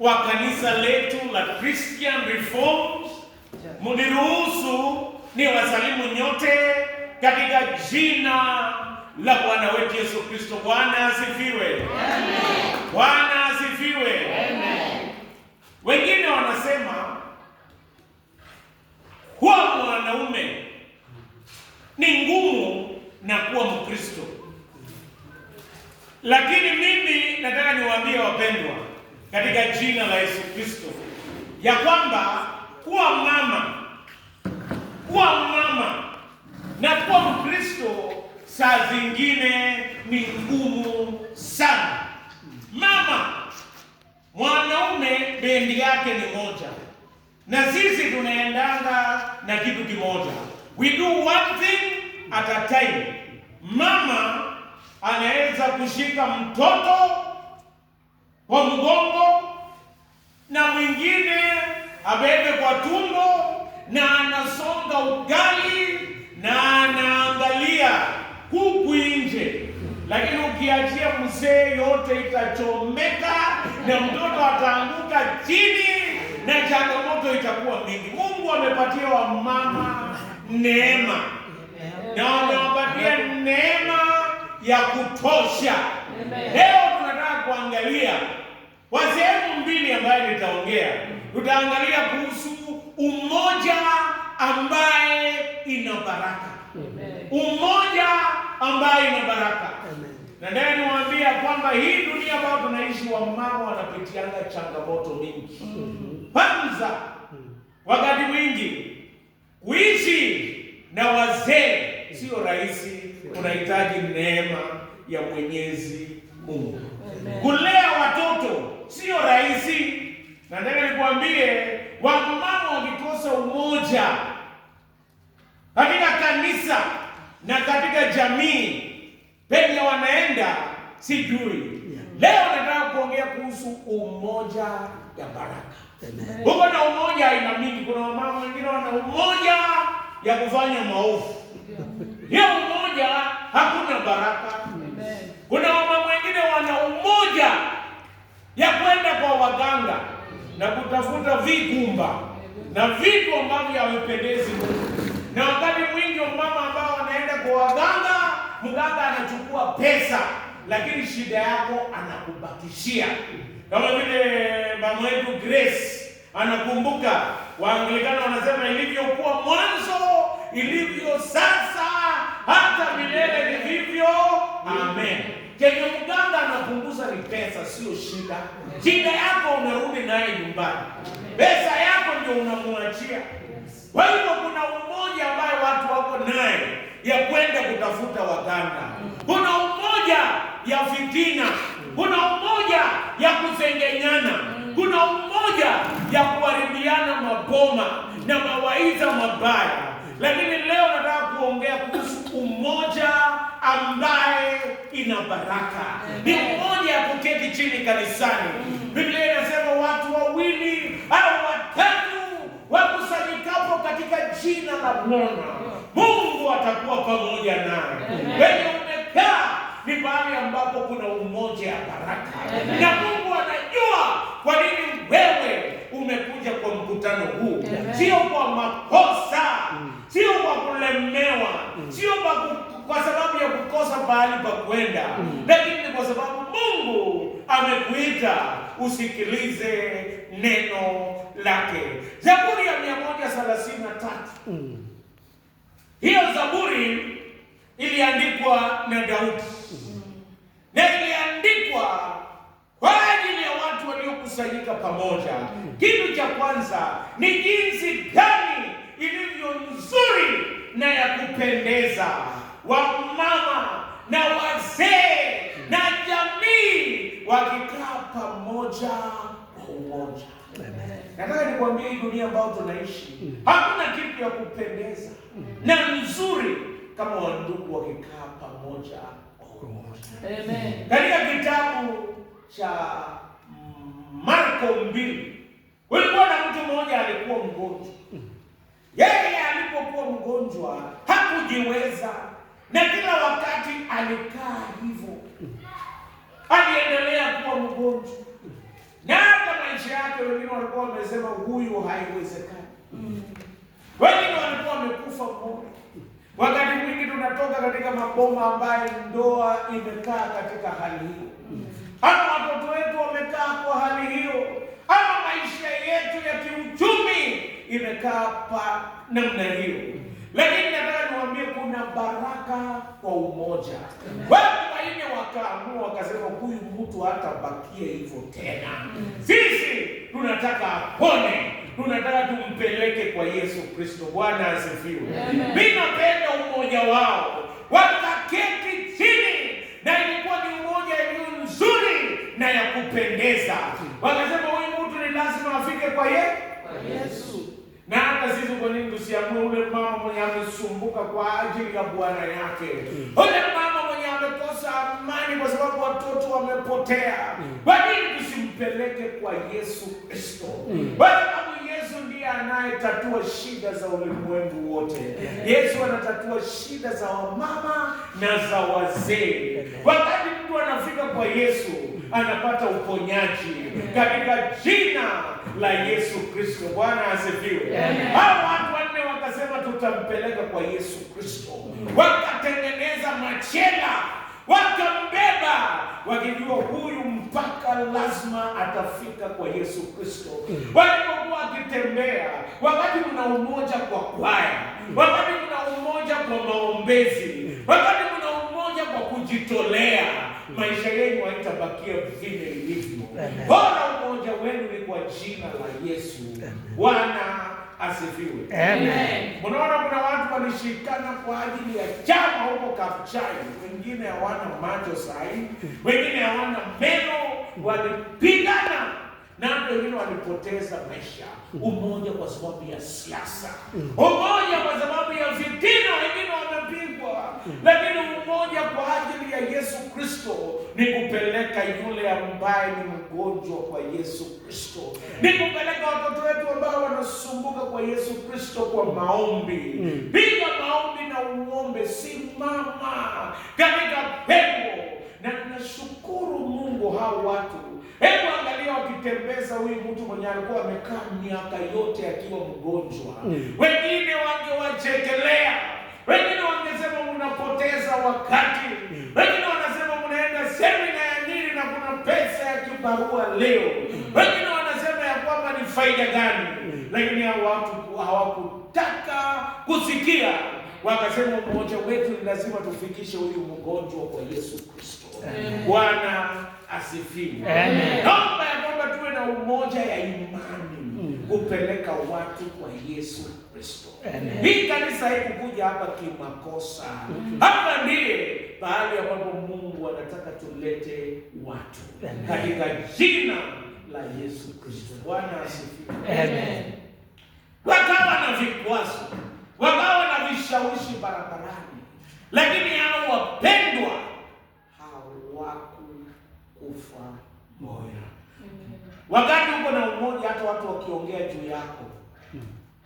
wa kanisa letu la Christian Reformed, mniruhusu ni wasalimu nyote katika jina la Bwana wetu Yesu Kristo. Bwana asifiwe. Bwana asifiwe. Amen. Wengine wanasema kuwa mwanaume ni ngumu na kuwa Mkristo, lakini mimi nataka niwaambie wapendwa katika jina la Yesu Kristo, ya kwamba kuwa mama kuwa mama na kuwa Mkristo saa zingine ni ngumu sana. Mama mwanaume bendi yake ni moja, na sisi tunaendanga na kitu kimoja, we do one thing at a time. Mama anaweza kushika mtoto kwa mgongo na mwingine abebe kwa tumbo, na anasonga ugali na anaangalia kuku nje. Lakini ukiachia mzee, yote itachomeka na mtoto ataanguka chini na changamoto itakuwa mingi. Mungu amepatia wamama neema na wamewapatia neema ya kutosha. Leo tunataka kuangalia kwa sehemu mbili ambayo nitaongea, tutaangalia kuhusu umoja ambaye ina baraka, umoja ambaye ina baraka. Na ndiye niwaambia kwamba hii dunia ambayo tunaishi, wamama wanapitianga changamoto mingi. Mm-hmm. Kwanza mm-hmm. wakati mwingi kuishi na wazee sio rahisi, unahitaji neema ya Mwenyezi Mungu. Kulea watoto sio rahisi, na nataka nikwambie wamama wakikosa umoja katika kanisa na katika jamii penye wanaenda sijui. Leo nataka kuongea kuhusu umoja ya baraka huko na umoja aina mingi. Kuna wamama wengine wana umoja ya kufanya maovu, hiyo umoja hakuna baraka kuna wamama wengine wana umoja ya kwenda kwa waganga na kutafuta vigumba na vitu ambavyo havipendezi Mungu, na wakati mwingi wamama ambao wanaenda kwa waganga, mganga anachukua pesa, lakini shida yako anakubakishia. Kama vile mama wetu Grace anakumbuka, Waanglikana wanasema ilivyokuwa mwanzo ilivyo sasa hata milele ni vivyo. Amen. Kenye mganga anapunguza ni pesa, sio shida. Shida yako unarudi naye nyumbani, pesa yako ndio unamwachia. Kwa hivyo kuna umoja ambaye watu wako naye ya kwenda kutafuta waganga, kuna umoja ya fitina, kuna umoja ya kusengenyana, kuna umoja ya kuharibiana maboma na mawaidha mabaya. Lakini leo nataka kuongea kuhusu umoja ambaye ina baraka. Ni mmoja kuketi chini kanisani. Mm. Biblia inasema watu wawili au watatu wakusanyikapo katika jina la Bwana mm. Mungu atakuwa pamoja naye. Wenye umekaa ni mahali ambapo kuna umoja ya baraka, na Mungu anajua kwa nini wewe umekuja kwa mkutano huu, sio kwa makosa, mm. sio kwa kulemewa, sio kwa kwa sababu ya kukosa pahali pa kwenda, mm. lakini ni kwa sababu Mungu amekuita usikilize neno lake. Zaburi ya mia moja thelathini na tatu mm. hiyo zaburi iliandikwa na Daudi mm. na iliandikwa kwa ajili ya watu waliokusanyika pamoja. Kitu cha kwanza ni jinsi gani ilivyo nzuri na ya kupendeza wa mama na wazee na jamii wakikaa pamoja kwa umoja. Nataka nikuambia hii dunia ambayo tunaishi mm. hakuna kitu ya kupendeza mm. na nzuri kama wandugu wakikaa pamoja kwa umoja. Katika kitabu cha Marko mbili ulikuona mtu mmoja alikuwa mgonjwa. Mm. Yeye alipokuwa mgonjwa hakujiweza na kila wakati alikaa hivyo, aliendelea kuwa mgonjwa, na hata maisha yake wengine walikuwa wamesema huyu haiwezekani. Wengine walikuwa wamekufa moyo. Wakati mwingi tunatoka katika maboma ambayo ndoa imekaa katika hali hiyo, ama watoto wetu wamekaa kwa hali hiyo, ama maisha yetu ya kiuchumi imekaa pa namna hiyo, lakini nataka baraka kwa umoja. Watu waine wakaamua wakasema, huyu mtu hatabakie hivyo tena, mm. sisi tunataka apone, tunataka tumpeleke kwa Yesu Kristo. Bwana asifiwe. Mimi napenda umoja wao, wakaketi chini na ilikuwa ni umoja iliyo nzuri na ya kupendeza, mm. wakasema huyu mtu ni lazima afike kwa ye kwa Yesu na hata sisi, kwa nini tusiamue ule mama mwenye amesumbuka kwa ajili ya bwana yake, mm. ule mama mwenye amekosa amani kwa sababu watoto wamepotea? Mm. Kwa nini ipeleke kwa Yesu Kristo. Mm. Yesu ndiye anayetatua shida za ulimwengu wote. Yesu anatatua shida za wamama na za wazee. Wakati mtu anafika kwa Yesu anapata uponyaji hmm. katika jina la Yesu Kristo. Bwana asifiwe. Hao watu wanne wakasema, tutampeleka kwa Yesu Kristo, hmm. wakatengeneza machela wakambeba wakijua huyu mpaka lazima atafika kwa Yesu Kristo. Mm. Walipokuwa akitembea, wakati mna umoja kwa kwaya, mm. wakati mna umoja kwa maombezi, mm. wakati mna umoja kwa kujitolea maisha yenu haitabakia vile ilivyo. Bora umoja wenu ni kwa jina la Yesu. Bwana asifiwe. Amen. Unaona, kuna watu walishikana kwa ajili ya chama huko Kabuchai, wengine hawana macho sahii wengine hawana meno, walipigana na wengine walipoteza maisha. Mm-hmm. Umoja kwa sababu ya siasa, mm-hmm. umoja kwa sababu ya vitina, wengine wamepigwa. Mm-hmm. Lakini umoja kwa ajili ya Yesu Kristo ni kupeleka yule ambaye ni mgonjwa kwa Yesu Kristo, ni kupeleka watoto wetu ambao wanasumbuka kwa Yesu Kristo kwa maombi. Piga maombi na uombe, simama katika pepo, na tunashukuru Mungu hao watu Hebu angalia wakitembeza huyu mtu mwenye alikuwa amekaa miaka yote akiwa mgonjwa mm. Wengine wangewachekelea, wengine wangesema unapoteza wakati mm. Wengine wanasema unaenda semina ya nini na kuna pesa ya kibarua leo mm. Wengine wanasema ya kwamba ni faida gani mm. Lakini hao watu hawakutaka kusikia, wakasema mmoja wetu lazima tufikishe huyu mgonjwa kwa Yesu Kristo Bwana mm asifiwe. Amen. Naomba ya kwamba tuwe na umoja ya imani kupeleka watu kwa Yesu Kristo. Hii kanisa haikukuja hapa kimakosa. Mm-hmm. Hapa ndiye pahali ambapo Mungu anataka tulete watu katika jina la Yesu Kristo. Bwana asifiwe. Amen. Wakawa na vikwazo, wakawa na vishawishi barabarani, lakini hao wapendwa Wakati uko na umoja, hata watu wakiongea juu yako hmm.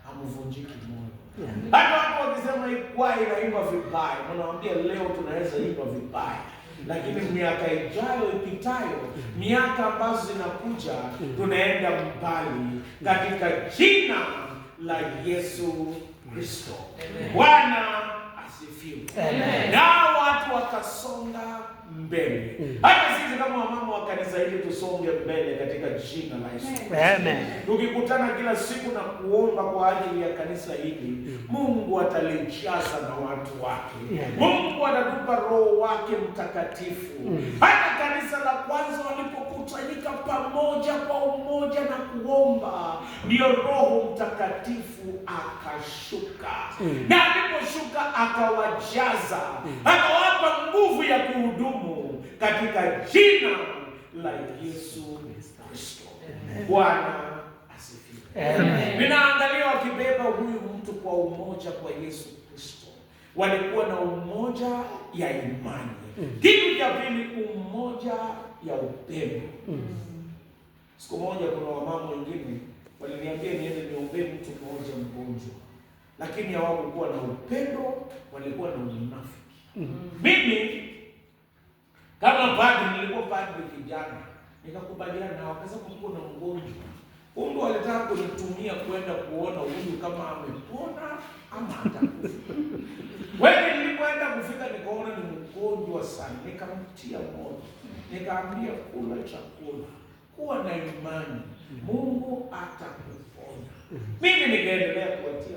hamvunjiki moyo. Hmm. Hata watu wakisema ikwaya inaimba vibaya, mnawaambia leo tunaweza imba vibaya hmm. lakini miaka ijayo ipitayo, miaka ambazo zinakuja, tunaenda mbali katika jina la Yesu Kristo Bwana asifiwe. watu wakasonga mbele. Mm. Hata sisi kama wamama wa kanisa hili tusonge mbele katika jina la Yesu. Amen. Tukikutana kila siku na kuomba kwa ajili ya kanisa hili, mm. Mungu atalijaza na watu wake. Mungu atatupa Roho wake Mtakatifu. Mm. Hata kanisa la kwanza walipokutanika pamoja kwa umoja na kuomba, ndio Roho Mtakatifu akashuka na akashuka akawajaza, hmm. akawapa nguvu ya kuhudumu katika jina la Yesu Kristo. Bwana asifiwe. Ninaangalia wakibeba huyu mtu kwa umoja kwa Yesu Kristo, walikuwa na umoja ya imani. Hmm. Kitu cha pili, umoja ya upendo. Hmm. Siku moja kuna wamama wengine waliniambia niende niombee mtu mmoja mgonjwa lakini hawakuwa na upendo, walikuwa na unafiki. Mm-hmm. Mimi mm -hmm. kama padri, nilikuwa padri kijana, nikakubaliana na wakasema, kuko na mgonjwa kumbe walitaka kunitumia kwenda kuona huyu kama amepona ama atakufa. Wewe, nilipoenda kufika nikaona ni mgonjwa sana, nikamtia moyo, nikaambia kula chakula, kuwa na imani, mm-hmm. Mungu atakuponya. Mm-hmm. Mimi nikaendelea kuwatia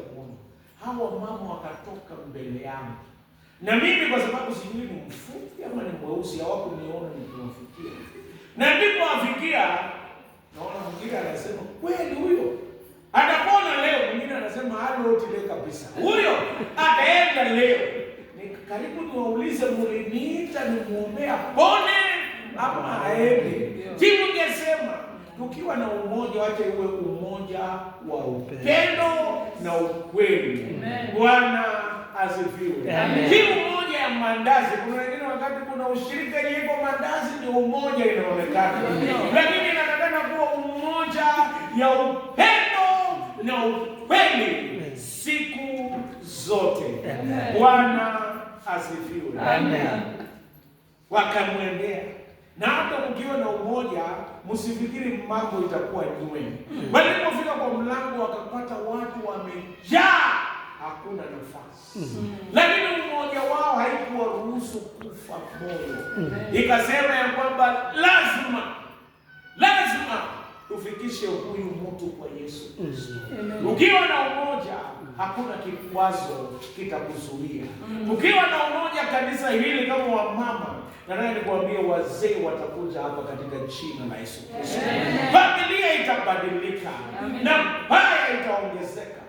hawa mama wakatoka mbele yangu, na mimi kwa sababu sijui ni mfupi ama ni mweusi, hawakuniona nikiwafikia, na ndipo afikia naona mwingine anasema kweli huyo atakona leo, mwingine anasema alotile kabisa huyo ataenda leo. Ni karibu niwaulize, muliniita nimwombea pone ama aende jibu tukiwa na umoja, wacha uwe umoja wa upendo na ukweli. Bwana asifiwe. Hii umoja ya mandazi, kuna wengine wakati kuna ushirika iko mandazi ndio umoja inaonekana, lakini inatakana kuwa umoja ya upendo na ukweli siku zote. Bwana asifiwe. Wakamwendea na hata mkiwa na umoja, msifikiri mambo itakuwa nywe. Walipofika hmm. kwa mlango wakapata watu wamejaa, hakuna nafasi mm Lakini umoja wao haikuwaruhusu kufa moyo mm Ikasema ya kwamba lazima lazima tufikishe huyu mtu kwa Yesu Kristo mm Ukiwa na umoja hakuna kikwazo kitakuzuia mm Ukiwa na umoja kanisa hili kama wamama Nataka nikuambie wazee watakuja hapa katika jina la Yesu Kristo. Familia itabadilika na baya itaongezeka.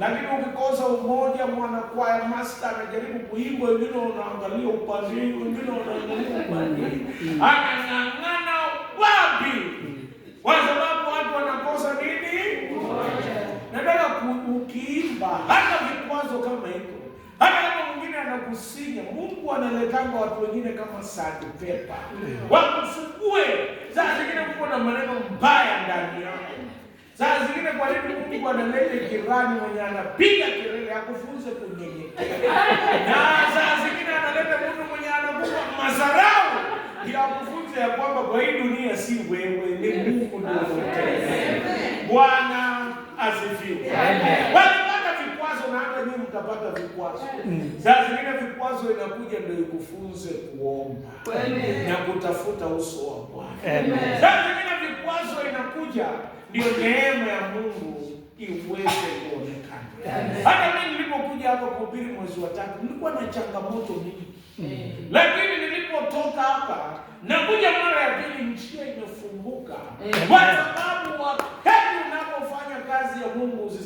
Lakini ukikosa umoja, mwana kwaya master anajaribu kuimba, wengine wanaangalia upande, wengine wanaangalia upande, anang'ang'ana wapi? Kwa sababu watu wanakosa nini? Nataka ukiimba hata vikwazo kama hivyo, hata kama anakusanya. Mungu analetanga watu wengine kama sati pepa wakusukue. Saa zingine kuko na maneno mbaya ndani yako. Saa zingine kwa nini Mungu analete jirani mwenye anapiga kelele akufunze kunyenyekea, na saa zingine analete mtu mwenye anakuwa madharau ya kufunza ya kwamba kwa hii dunia si wewe, ni Mungu ndiye Bwana asifiwe utapata vikwazo. Eh. Mm. Saa zingine vikwazo inakuja ndio ikufunze kuomba na kutafuta uso wa Bwana. Saa zingine vikwazo inakuja ndio neema ya Mungu iweze kuonekana. Hata mimi nilipokuja hapa kuhubiri mwezi wa tatu nilikuwa na changamoto nyingi lakini nilipotoka hapa nakuja mara ya pili, njia imefumbuka kwa sababu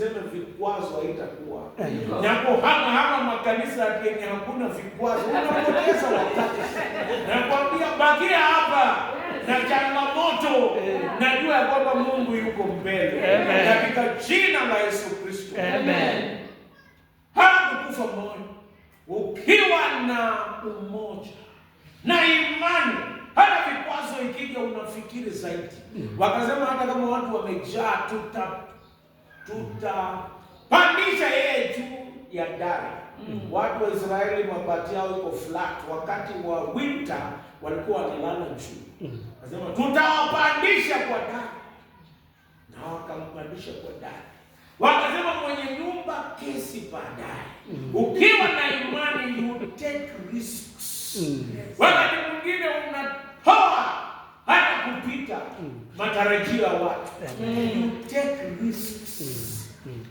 tuseme vikwazo haitakuwa yako hama hama makanisa yenye hakuna vikwazo, unapoteza wakati. Nakwambia bakia hapa na changamoto, najua ya kwamba Mungu yuko mbele, katika jina la Yesu Kristo amen. Hakukufa moyo ukiwa na umoja na imani hata vikwazo ikija unafikiri zaidi. Wakasema hata kama watu wamejaa tuta tutapandisha yeye juu ya dari. Mm. Watu wa Israeli mabati yao iko flat, wakati wa winter walikuwa wamelala juu. Mm. Nasema tutawapandisha kwa dari, na wakampandisha kwa dari, wakasema mwenye nyumba kesi baadaye. Mm. Ukiwa na imani you take risks. Mm. Wakati mwingine unatoa hata kupita mm. matarajio ya watu take risks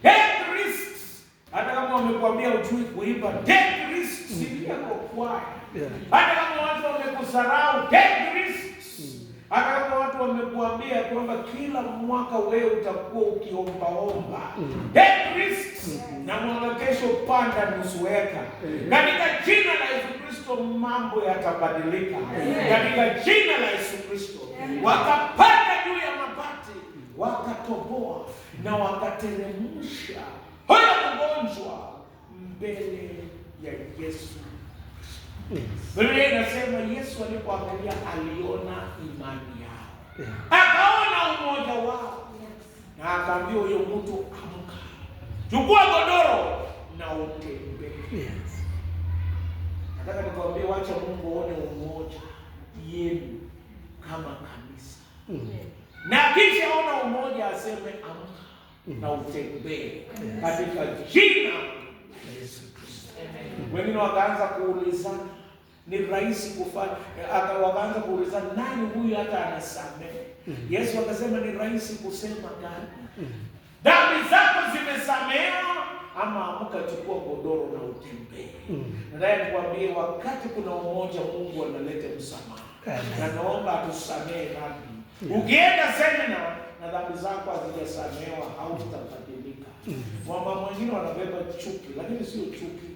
take risks. Hata kama wamekuambia ujui kuimba, take risks mm. yako kwai hata kama watu wamekusarau, take risks hata kama watu wamekuambia kwamba kila mwaka wewe utakuwa ukiombaomba mm. Hey, mm na mwanakesho panda nusu eka mm. katika jina la Yesu Kristo mambo yatabadilika mm. katika jina la Yesu Kristo mm. wakapanda juu ya mabati wakatoboa na wakateremsha huyo mgonjwa mbele ya Yesu Yes. Biblia inasema Yesu alipoangalia aliona imani yao. Yeah. Akaona umoja wao. Yes. Na akaambia huyo mtu amka. Chukua godoro na utembee. Yes. Nataka nikwambie wacha Mungu aone umoja yenu kama kanisa. Mm. Na kisha aona umoja aseme amka mm, na utembee. Yes. Katika jina Yesu. Wengine wakaanza kuuliza ni rahisi kufanya, wakaanza kuuliza nani huyu hata anasamehe? Mm-hmm. Yesu akasema ni rahisi kusema gani, mm-hmm. dhambi zako zimesamehewa, ama amka, chukua godoro na utembee. Mm-hmm. Nataka nikwambie, wakati kuna umoja, Mungu analeta msamaha, na naomba atusamehe dhambi. Ukienda semina na dhambi zako hazijasamehewa, hautabadilika. Mama mwingine wanabeba chuki, lakini sio chuki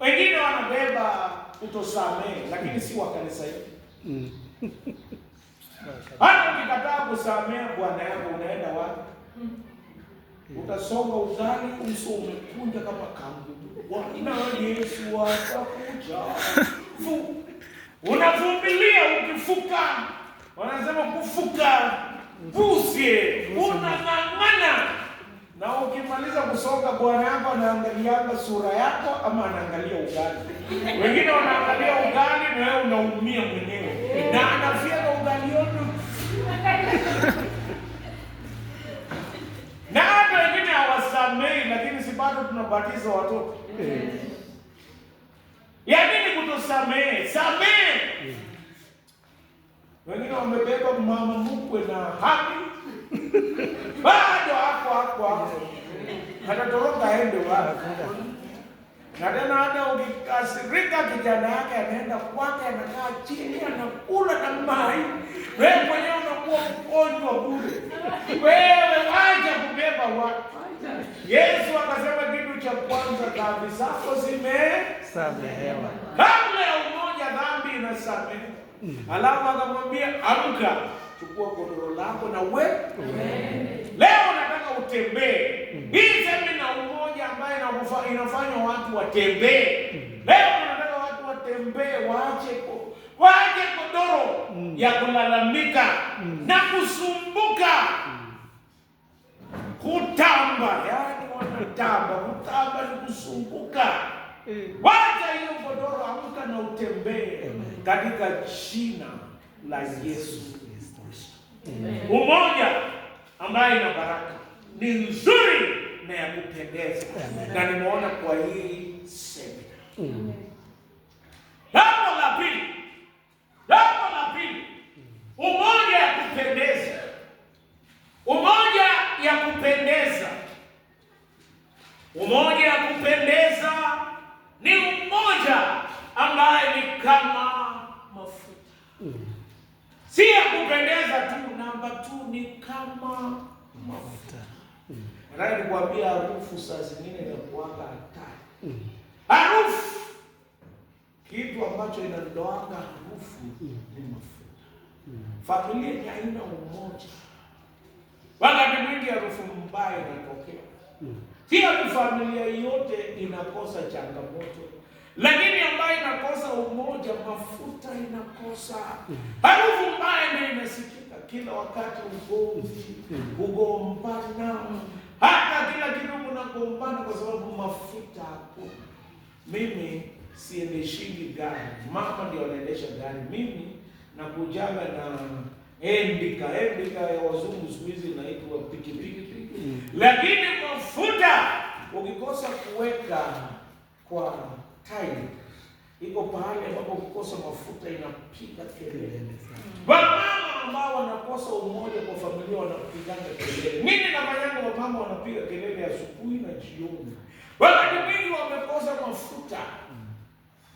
wengine wanabeba utosamehe, lakini si wa kanisa hili. Mm. Hata ukikataa kusamehe bwana yako, unaenda wapi? Mm. Utasonga uzani, uso umekunja kama kambi. Bwana Yesu atakuja. Unavumilia ukifuka, wanasema kufuka busie, unang'ang'ana na ukimaliza kusonga, bwana yako anaangalianga sura yako ama anaangalia ugali? Wengine wanaangalia ugali na wewe unaumia mwenyewe, na na ugali yote na hata wengine hawasamei, lakini si bado tunabatiza watoto nini yaani kutosamee samee. Wengine wamebeba mama mkwe na haki bado hapo hapo hapo atatoroka aende wapi? Na tena hata ukikasirika, kijana yake anaenda kwake, anakaa chini, anakula na mai, wewe mwenyewe unakuwa mgonjwa bure. Wewe waje kubeba watu. Yesu akasema kitu cha kwanza, dhambi zako zimesamehewa. Kabla ya umoja, dhambi inasamehewa. Alafu akamwambia amka chukua godoro lako na uwe leo nataka utembee. Hii semina umoja ambayo inafanya watu watembee leo, nataka watu watembee, waache waache godoro ya kulalamika na kusumbuka, kutamba. Yani wanatamba, kutamba ni kusumbuka. Wacha hiyo godoro, amka na utembee katika jina la Yesu. Umoja ambayo ina baraka ni nzuri na ya kupendeza, na nimeona kwa hii semina linaloanga harufu ni mafuta. Familia ni aina umoja. Wakati mwingi harufu mbaya inatokea. Kila familia yote inakosa changamoto, lakini ambayo inakosa umoja, mafuta inakosa harufu mbaya, ndio inasikika kila wakati, ugomvi, kugombana, hata kila kitu mnagombana kwa sababu mafuta hakuna. Mimi siendeshingi gari, mama ndio anaendesha gari, mimi na kujaga na endika endika ya wazungu siku hizi inaitwa pikipiki piki. Mm. Lakini mafuta ukikosa kuweka kwa tairi, iko pahali ambapo ukikosa mafuta inapiga kelele. Mm. Wamama ambao wanakosa umoja kwa familia wanapiganga kelele. Mimi na mayangu mama wanapiga kelele asubuhi na jioni, wakati mwingi wamekosa mafuta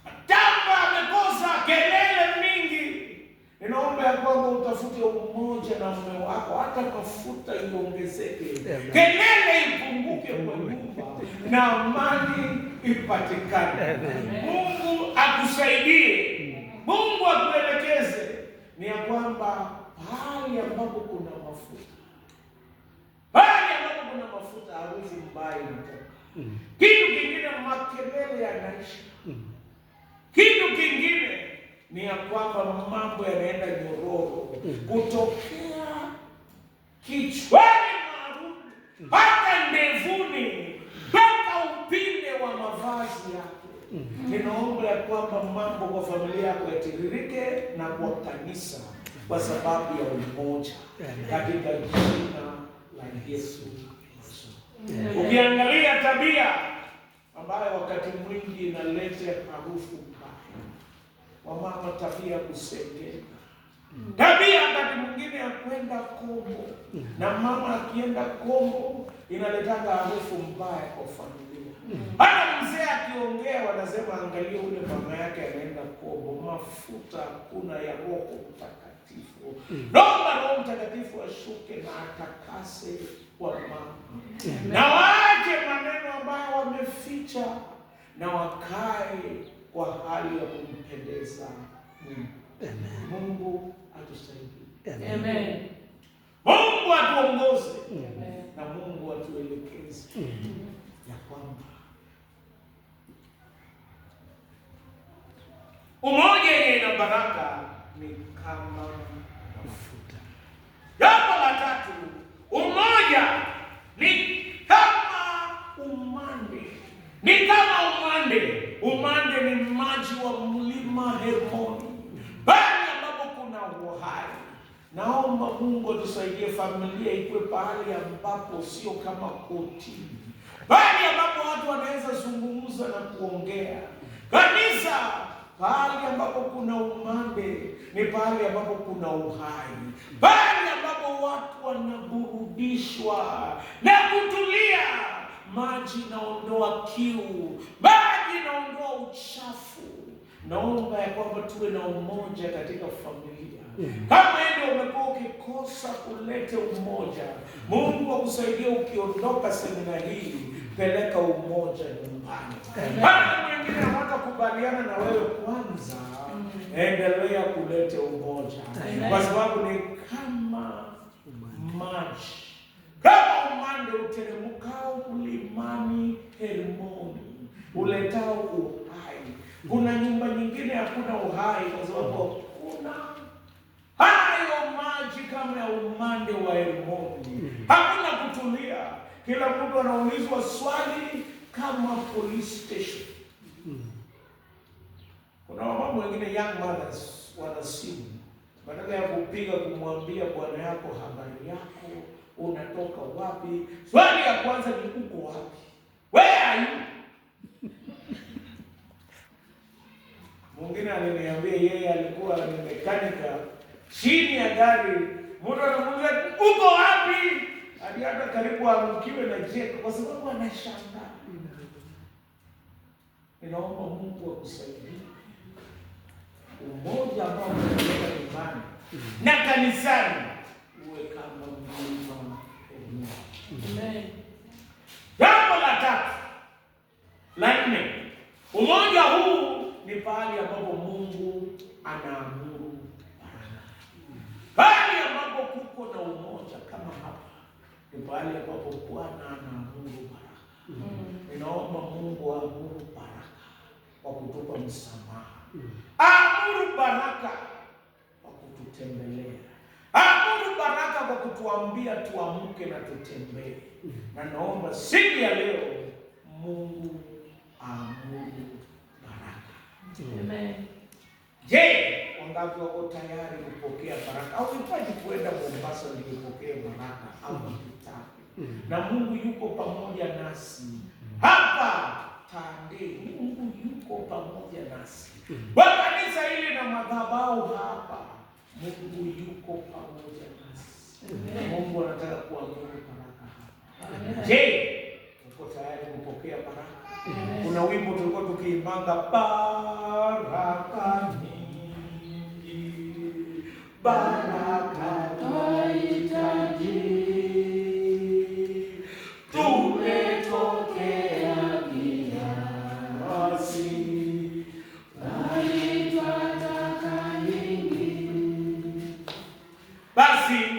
Tamba amekosa kelele mingi. Ninaomba ya kwamba utafute umoja na mume wako, hata mafuta iongezeke, kelele ipunguke kwa nyumba na amani ipatikane. Mungu akusaidie, Mungu akuelekeze ni ya kwamba pahali ambapo kuna mafuta, pahali ambapo kuna mafuta harufu mbaya inatoka. Mm. Kitu kingine, makelele yanaisha. Mm. Kitu kingine ni ya kwamba mambo yanaenda nyororo kutokea kichwani maarufu hata ndevuni mpaka upinde wa mavazi yake. Ninaomba ya kwamba mambo kwa familia yako yatiririke na kwa kanisa kwa sababu ya umoja katika jina la Yesu. Ukiangalia tabia ambayo wakati mwingi inaleta harufu wamama tabia kusengenya, tabia wakati mwingine ya kwenda Kongo, na mama akienda Kongo inaletaka harufu mbaya kwa familia. Hata mzee akiongea wanasema, angalia ule mama yake anaenda Kongo, mafuta hakuna ya Roho Mtakatifu. Naomba Roho Mtakatifu ashuke na atakase wamama na waache maneno ambayo wameficha na wakae kwa hali ya kumpendeza Mungu. Mungu atusaidie. Amen. Mungu atuongoze na Mungu atuelekeze ya kwamba umoja yenye na baraka ni kama mafuta. Jambo la tatu, umoja ni kama umande, ni kama umande umande ni maji wa mlima Hermoni, pale ambapo kuna uhai. Naomba Mungu atusaidie familia ikuwe pahali ambapo sio kama koti, pahali ambapo watu wanaweza zungumza na kuongea. Kanisa pahali ambapo kuna umande ni pahali ambapo kuna uhai, pahali ambapo watu wanaburudishwa na kutulia. Maji naondoa kiu inaondoa uchafu. Naomba ya kwamba tuwe na umoja katika familia. Mm. Kama ndio umekuwa ukikosa kulete umoja, Mungu akusaidie. Ukiondoka semina hii, peleka umoja nyumbani. Hata mwingine hawatakubaliana na wewe, kwanza mm. endelea kulete umoja, kwa sababu ni kama maji, kama umande uteremkao mlimani Hermoni uletao uhai. Kuna nyumba nyingine hakuna uhai, kwa sababu hakuna hayo maji kama ya umande wa Hermoni, hmm. hakuna kutulia. Kila mtu anaulizwa swali kama police station. Hmm. Kuna wamama wengine young mothers wana simu badala ya kupiga kumwambia bwana yako habari yako, unatoka wapi, swali ya kwanza ni uko wapi, where are you Mwingine aliniambia yeye alikuwa ni mekanika chini ya gari, mtu anamuuliza uko wapi, hadi hata karibu aangukiwe na jeka kwa sababu anashangaa. Ninaomba Mungu akusaidie umoja ambao umeleta imani na kanisani Mm-hmm. Ninaomba Mungu amuru baraka kwa kutupa msamaha, mm-hmm. amuru baraka kwa kututembelea, amuru baraka kwa kutuambia tuamke na tutembee. Mm-hmm. Na naomba siku ya leo Mungu amuru baraka. Amen. Je, wangapi wako tayari kupokea baraka? Au unahitaji kuenda Mombasa ndio upokee baraka? Amen. Mm-hmm. na Mungu yuko pamoja nasi mm-hmm. hapa Tandei. Mungu yuko pamoja nasi mm-hmm. kwa kanisa hili na madhabahu hapa. Mungu yuko pamoja nasi. Mungu anataka kuamuru baraka hapa. Je, uko tayari kupokea baraka? Kuna wimbo tulikuwa tukiimbanga, baraka nyingi, baraka nyingi base